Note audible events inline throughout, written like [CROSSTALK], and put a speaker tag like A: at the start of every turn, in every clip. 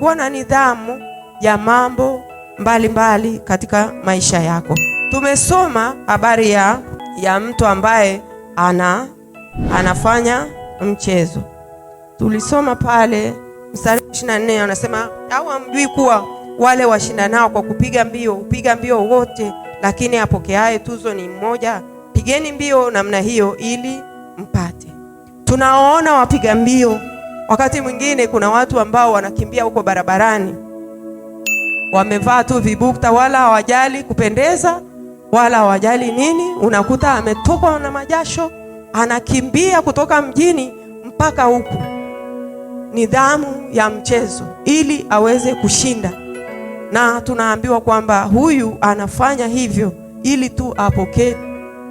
A: kuwa na nidhamu ya mambo mbalimbali mbali katika maisha yako. Tumesoma habari ya, ya mtu ambaye ana, anafanya mchezo. Tulisoma pale mstari 24 anasema au hamjui kuwa wale washindanao kwa kupiga mbio hupiga mbio wote, lakini apokeaye tuzo ni mmoja? Pigeni mbio namna hiyo ili mpate. Tunaona wapiga mbio Wakati mwingine kuna watu ambao wanakimbia huko barabarani, wamevaa tu vibukta, wala hawajali kupendeza, wala hawajali nini. Unakuta ametokwa na majasho, anakimbia kutoka mjini mpaka huku. Nidhamu ya mchezo, ili aweze kushinda. Na tunaambiwa kwamba huyu anafanya hivyo ili tu apokee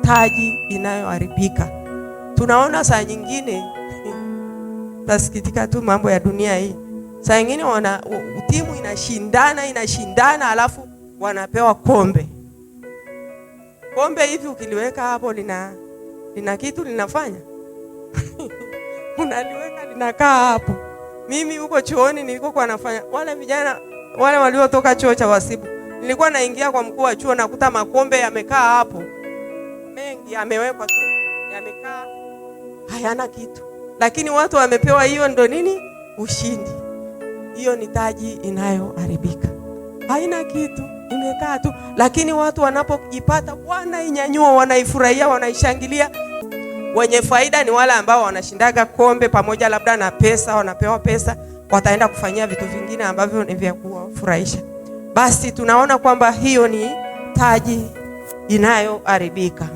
A: taji inayoharibika. Tunaona saa nyingine utasikitika tu mambo ya dunia hii. Saa nyingine wana timu inashindana inashindana, alafu wanapewa kombe. Kombe hivi ukiliweka hapo lina lina kitu linafanya [LAUGHS] unaliweka linakaa hapo. Mimi huko chuoni nilikokuwa nafanya, wale vijana wale waliotoka chuo cha wasibu, nilikuwa naingia kwa mkuu wa chuo, nakuta makombe yamekaa hapo mengi, yamewekwa tu, yamekaa hayana kitu lakini watu wamepewa hiyo, ndo nini? Ushindi. Hiyo ni taji inayoharibika, haina kitu, imekaa tu, lakini watu wanapojipata wanainyanyua, wanaifurahia, wanaishangilia. Wenye faida ni wale ambao wanashindaga kombe pamoja, labda na pesa, wanapewa pesa, wataenda kufanyia vitu vingine ambavyo ni vya kuwafurahisha. Basi tunaona kwamba hiyo ni taji inayoharibika.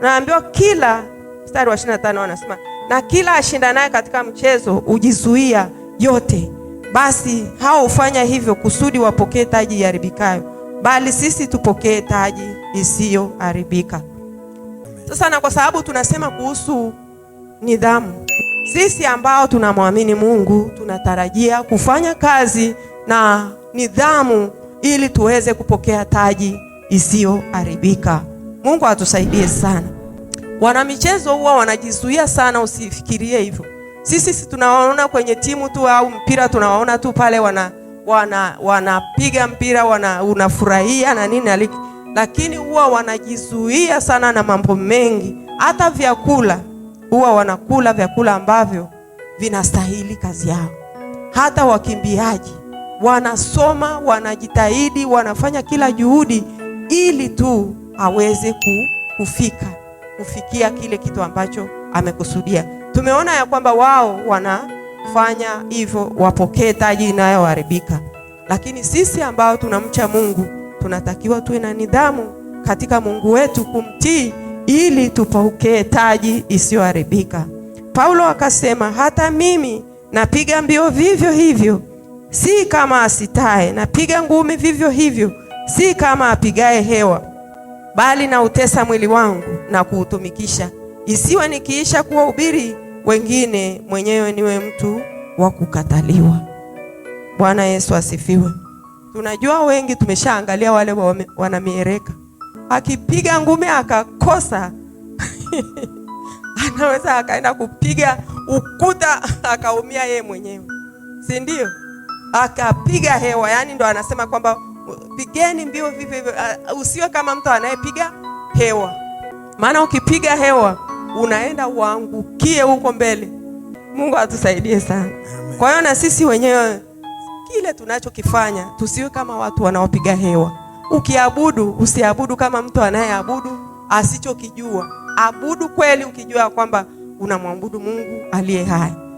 A: Naambiwa kila mstari wa 25 anasema na kila ashindanaye katika mchezo hujizuia yote, basi hao hufanya hivyo kusudi wapokee taji iharibikayo, bali sisi tupokee taji isiyoharibika. Sasa na kwa sababu tunasema kuhusu nidhamu, sisi ambao tunamwamini Mungu tunatarajia kufanya kazi na nidhamu ili tuweze kupokea taji isiyoharibika. Mungu atusaidie sana. Wanamichezo huwa wanajizuia sana, usifikirie hivyo. Sisi si tunawaona kwenye timu tu au mpira tunawaona tu pale wana wana wanapiga mpira wana, unafurahia na nini, lakini huwa wanajizuia sana na mambo mengi. Hata vyakula huwa wanakula vyakula ambavyo vinastahili kazi yao. Hata wakimbiaji wanasoma, wanajitahidi, wanafanya kila juhudi ili tu aweze kufika kufikia kile kitu ambacho amekusudia. Tumeona ya kwamba wao wanafanya hivyo wapokee taji inayoharibika, lakini sisi ambao tunamcha Mungu tunatakiwa tuwe na nidhamu katika Mungu wetu kumtii, ili tupokee taji isiyoharibika. Paulo akasema, hata mimi napiga mbio vivyo hivyo, si kama asitae napiga ngumi vivyo hivyo, si kama apigaye hewa bali na utesa mwili wangu na kuutumikisha, isiwe nikiisha kuwahubiri wengine mwenyewe niwe mtu wa kukataliwa. Bwana Yesu asifiwe. Tunajua wengi tumeshaangalia wale wanamiereka, akipiga ngume akakosa [LAUGHS] anaweza akaenda kupiga ukuta akaumia yeye mwenyewe, si ndio? Akapiga hewa, yaani ndo anasema kwamba pigeni mbio vivyo hivyo. Ah, usiwe kama mtu anayepiga hewa, maana ukipiga hewa unaenda uangukie huko mbele. Mungu atusaidie sana. Kwa hiyo na sisi wenyewe kile tunachokifanya tusiwe kama watu wanaopiga hewa. Ukiabudu usiabudu kama mtu anayeabudu asichokijua. Abudu kweli ukijua kwamba unamwabudu Mungu aliye hai.